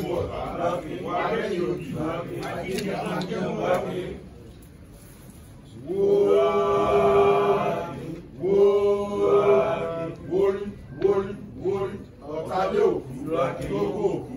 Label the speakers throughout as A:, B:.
A: Mungu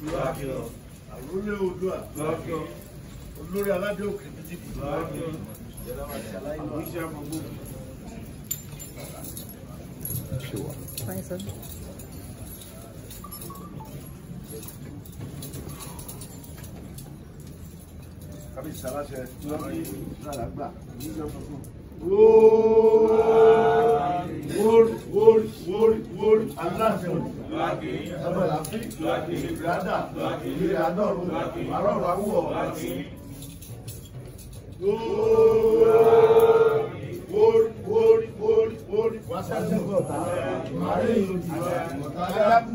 A: àrólé odua olórí aládé òkè bíjìbì àwíṣẹ́ gbogbo. Kábíyèsí aláṣẹ tí wọ́n ní ìlú àlágbà ní ìjọba fún un. ìlérádà ìlérádọ́rùn àrọ́rùn awúwọ̀. Wórí wórí wórí wórí wáṣẹ́gun ọ̀tá ìmàlẹ́ ìlòdì ọ̀tá yára kú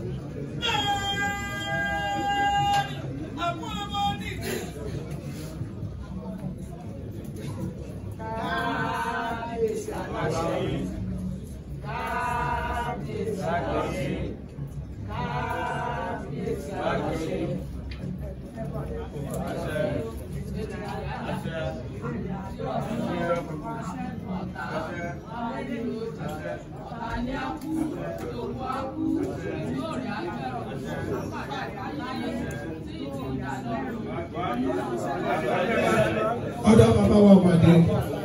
A: ọ̀dọ̀ bàbá wa ọ̀gbàdé.